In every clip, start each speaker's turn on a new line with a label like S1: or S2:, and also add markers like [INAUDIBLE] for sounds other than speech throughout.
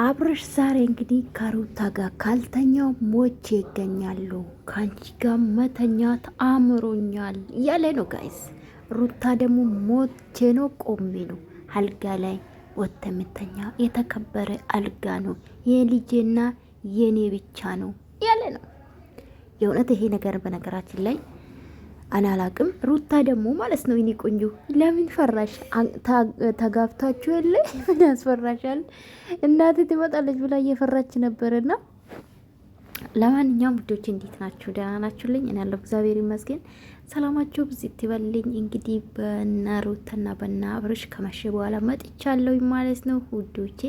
S1: አብርሽ ዛሬ እንግዲህ ከሩታ ጋር ካልተኛው ሞቼ ይገኛሉ፣ ከአንቺ ጋር መተኛት አምሮኛል እያለ ነው ጋይስ። ሩታ ደግሞ ሞቼ ነው ቆሜ ነው አልጋ ላይ ወጥተ ምተኛ የተከበረ አልጋ ነው የልጄና የኔ ብቻ ነው እያለ ነው። የእውነት ይሄ ነገር በነገራችን ላይ አናላቅም ሩታ ደግሞ ማለት ነው። ይኔ ቆንጆ
S2: ለምን ፈራሽ? ተጋብታችሁ የለ ምን ያስፈራሻል? እናት ትመጣለች ብላ እየፈራች ነበርና
S1: ለማንኛውም ውዶች እንዴት ናችሁ? ደህና ናችሁልኝ? እኔ ያለው እግዚአብሔር ይመስገን። ሰላማችሁ ብዝት ይበልኝ። እንግዲህ በነ ሩትና በነ አብርሽ ከመሸ በኋላ መጥቻለሁ ማለት ነው ውዶቼ።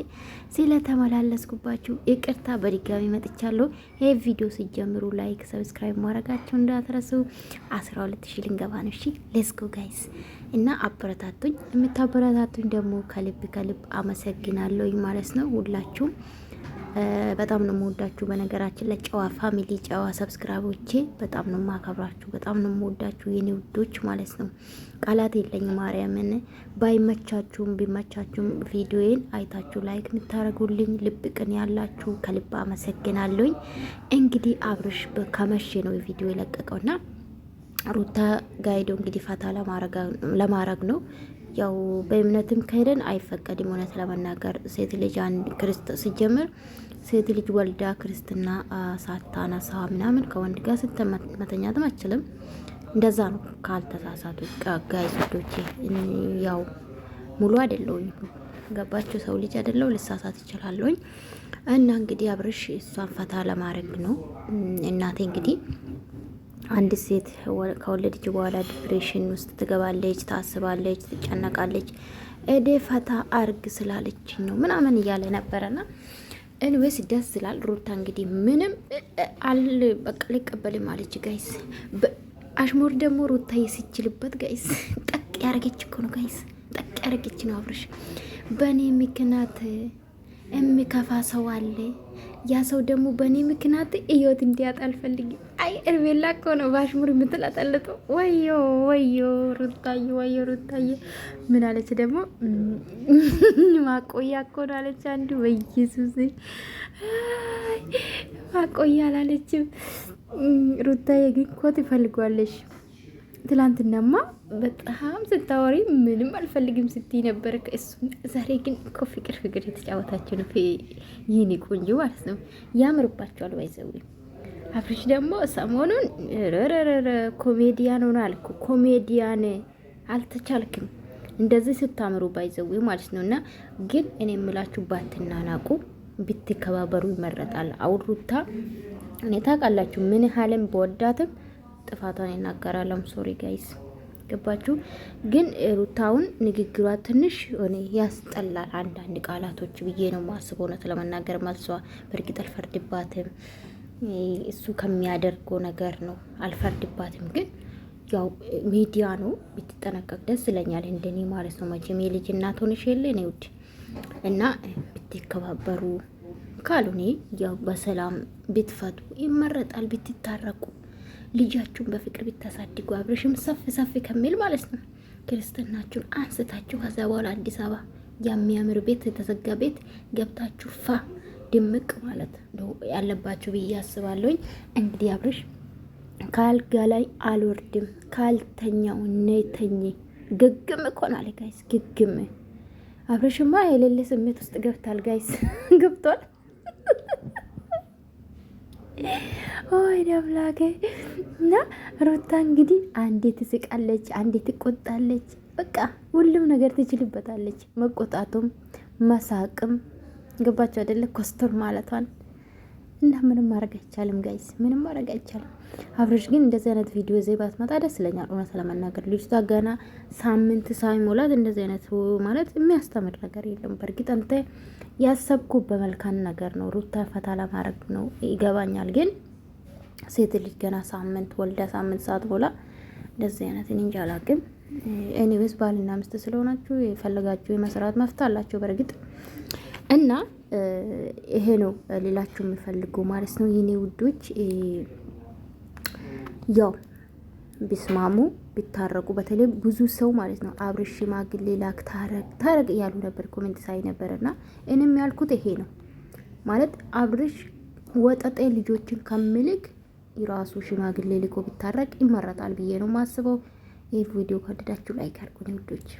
S1: ተመላለስኩባችሁ ይቅርታ በድጋሚ መጥቻለሁ። ይሄ ቪዲዮ ሲጀምሩ ላይክ፣ ሰብስክራይብ ማድረጋችሁ እንዳትረሱ። አስራ ሁለት ሺ ልንገባ ነው። እሺ ሌስኮ ጋይስ እና አበረታቱኝ። የምታበረታቱኝ ደግሞ ከልብ ከልብ አመሰግናለሁ ማለት ነው ሁላችሁም በጣም ነው የምወዳችሁ። በነገራችን ላይ ጨዋ ፋሚሊ ጨዋ ሰብስክራይቦቼ በጣም ነው የማከብራችሁ፣ በጣም ነው የምወዳችሁ። የተወደዳችሁ የኔ ውዶች ማለት ነው። ቃላት የለኝ ማርያምን። ባይመቻችሁም ቢመቻችሁም ቪዲዮዬን አይታችሁ ላይክ የምታደርጉልኝ ልብ ቅን ያላችሁ ከልብ አመሰግናለሁኝ። እንግዲህ አብርሽ ከመሼ ነው ቪዲዮ የለቀቀውና ሩታ ጋይዶ እንግዲህ ፈታ ለማድረግ ነው ያው በእምነትም ከሄደን አይፈቀድም። እውነት ለመናገር ሴት ልጅ ክርስት ስጀምር ሴት ልጅ ወልዳ ክርስትና ሳታነሳ ምናምን ከወንድ ጋር መተኛትም አችልም። እንደዛ ነው ካልተሳሳቱ ጋይዞች። ያው ሙሉ አይደለሁኝ ገባቸው ሰው ልጅ አይደለሁ ልሳሳት ይችላለሁኝ። እና እንግዲህ አብርሽ እሷን ፈታ ለማድረግ ነው። እናቴ እንግዲህ አንድ ሴት ከወለደች በኋላ ዲፕሬሽን ውስጥ ትገባለች፣ ታስባለች፣ ትጨነቃለች። እዴ ፈታ አርግ ስላለች ነው ምናምን እያለ ነበረና እንዌስ ደስ ስላል ሩታ እንግዲህ ምንም አል በቃ ሊቀበልም አለች ጋይስ አሽሙር ደግሞ ሩታዬ ሲችልበት ጋይስ ጠቅ ያረገች እኮ ነው ጋይስ ጠቅ ያረገች ነው። አብርሽ በእኔ ምክንያት የሚከፋ ሰው አለ። ያ ሰው ደግሞ በእኔ ምክንያት እዮት እንዲያጣ አልፈልግም። አይ እርቤላ እኮ ነው በአሽሙር የምትላጠልጡ። ወዮ ወዮ ሩታዬ ወዮ ሩታዬ ምን አለች ደግሞ ማቆያ እኮ ነው አለች አንዱ። በኢየሱስ ማቆያ አላለችም። ሩታዬ ግን እኮ ትፈልጓለሽ። ትላንትናማ በጣም ስታወሪ ምንም አልፈልግም ስትይ ነበር። እሱም ዛሬ ግን እኮ ፍቅር ፍቅር የተጫወታችሁ ነው። ይህን ቆንጆ ማለት ነው ያምርባቸዋል። ባይዘዊ አብርሽ ደግሞ ሰሞኑን ረረረረ ኮሜዲያን ሆነ አልኩ። ኮሜዲያን አልተቻልክም እንደዚህ ስታምሩ ባይዘዊ ማለት ነው። እና ግን እኔ የምላችሁ ባትናናቁ ብትከባበሩ ይመረጣል። አውሩታ እኔ ታውቃላችሁ ምን ያህልም በወዳትም ጥፋቷን ይናገራለም። ሶሪ ጋይስ ገባችሁ። ግን ሩታውን ንግግሯ ትንሽ ሆነ ያስጠላል፣ አንዳንድ ቃላቶች ብዬ ነው ማስብ። እውነት ለመናገር መልሷ በእርግጥ አልፈርድባትም፣ እሱ ከሚያደርገው ነገር ነው አልፈርድባትም። ግን ያው ሚዲያ ነው ብትጠነቀቅ ደስ ይለኛል፣ እንደኔ ማለት ነው። መቼም የልጅ እናት ሆነሽ የለ እኔ ውድ እና ብትከባበሩ ካልሆነ ያው በሰላም ብትፈቱ ይመረጣል። ብትታረቁ፣ ልጃችሁን በፍቅር ብታሳድጉ አብረሽም ሰፍ ሰፍ ከሚል ማለት ነው ክርስትናችሁን አንስታችሁ ከዛ በኋላ አዲስ አበባ የሚያምር ቤት የተዘጋ ቤት ገብታችሁ ፋ ድምቅ ማለት ያለባችሁ ብዬ አስባለሁኝ። እንግዲህ አብረሽ ከአልጋ ላይ አልወርድም ካልተኛው ነተኝ ግግም እኮናል ጋይስ፣ ግግም አብረሽማ የሌለ ስሜት ውስጥ ገብታል ጋይስ፣ [LAUGHS] ገብቷል። ኦይ ደብላገ እና ሩታ እንግዲህ አንዴ ትስቃለች፣ አንዴ ትቆጣለች። በቃ ሁሉም ነገር ትችልበታለች። መቆጣቱም መሳቅም ገባቸው አይደለ? ኮስተር ማለቷን እና ምንም ማድረግ አይቻልም ጋይስ፣ ምንም ማድረግ አይቻልም። አብረሽ ግን እንደዚህ አይነት ቪዲዮ ይዘህ ባትመጣ ደስ ይለኛል፣ እውነት ለመናገር ልጅቷ ገና ሳምንት ሳይሞላት እንደዚህ አይነት ማለት የሚያስተምር ነገር የለም። በእርግጥ አንተ ያሰብኩ በመልካም ነገር ነው፣ ሩታ ፈታ ለማድረግ ነው፣ ይገባኛል። ግን ሴት ልጅ ገና ሳምንት ወልዳ ሳምንት ሰዓት ቦላ እንደዚህ አይነት እንጃ አላቅም። ኤኒዌይስ ባልና ሚስት ስለሆናችሁ የፈለጋችሁ የመስራት መፍት አላችሁ በእርግጥ እና ይሄ ነው ሌላችሁ የምፈልገው ማለት ነው የኔ ውዶች። ያው ቢስማሙ ቢታረቁ፣ በተለይ ብዙ ሰው ማለት ነው አብርሽ ሽማግሌ ላክ ታረቅ ታረቅ እያሉ ነበር፣ ኮሜንት ሳይ ነበር። እና እኔም ያልኩት ይሄ ነው ማለት አብርሽ ወጠጤ ልጆችን ከምልክ የራሱ ሽማግሌ ልኮ ቢታረቅ ይመረጣል ብዬ ነው ማስበው። ይህ ቪዲዮ ከወደዳችሁ ላይክ አድርጉኝ ውዶች።